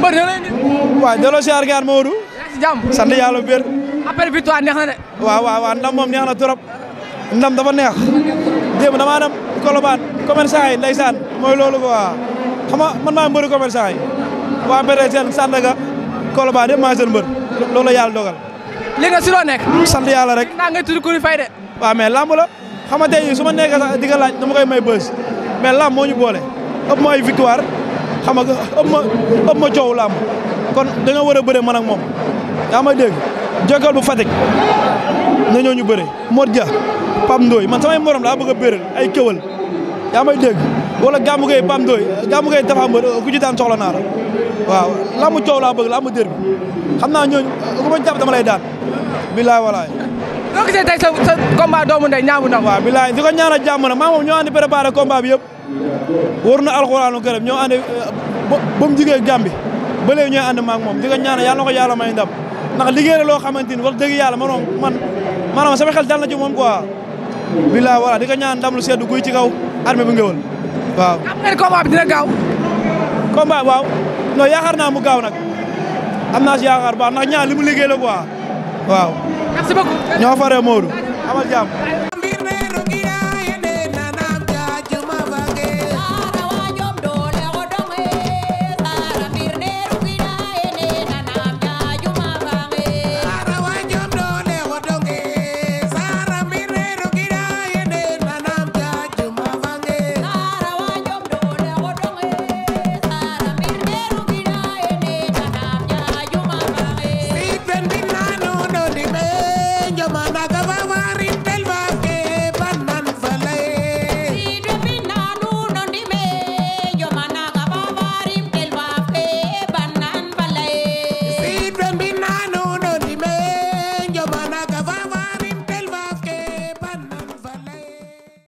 mbër na lay nit. waaw delloo si àrgaar Maodo. yaa si sant yàlla bu wér. après neex na de. waaw waaw waaw ndam moom neex na trop. ndam dafa neex. démb damaa dem Colobane commerçant yi ndeysaan mooy loolu quoi xam ma man maa mbëri commerçant yi. waa Mbete seen Sandaga Colobane yëpp maa seen mbër loolu la yàlla dogal. li nga si loo nekk. sant yàlla rek. naa ngay tudd Coly Faye de. waaw mais lamb la xam nga tey su ma nekkee sax di nga laaj dama koy may bës mais lamb moo ñu boole ëpp ma ay xam nga ëpp ma ëpp ma coow lam kon dañoo war a bëre man moom yaa may dégg jékkool bu Fatick nañoo ñu bëre Mor Dia Pam Ndoy man samay morom laa bëgg a bëral ay këwal yaa may dégg wala gàmmu gay Pam Ndoy gàmmu gay Tapha Mbeur ku ci daan soxla naa waaw làmb coow laa bëgg làmb dër bi xam naa ñooñu ku ma jàpp dama lay daan bilaay walaay loo gisee sa sa combat doomu ndey ñaamu ndaw waaw bilaay di ko ñaanal jàmm nag maa moom ñoo andi préparé combat bi yëpp wóor na alxuraanu garab ñoo ànd ba mu jigee Gàmbi ba léegi ñooy ànd maak moom di ko ñaanal yàlla na ko yàlla liggéey la loo xamante ni wax dëgg yàlla manoom man maanaam sama xel dal na ci moom quoi bilaa voilà di ko ñaan ndam lu seddu guy ci kaw armée bu ngëwal waaw am ngeen combat bi dina gaaw naa mu gaaw nag am naa si yaakaar baax ndax ñaar li mu liggéey la quoi waaw ñoo faree Modou amal jàmm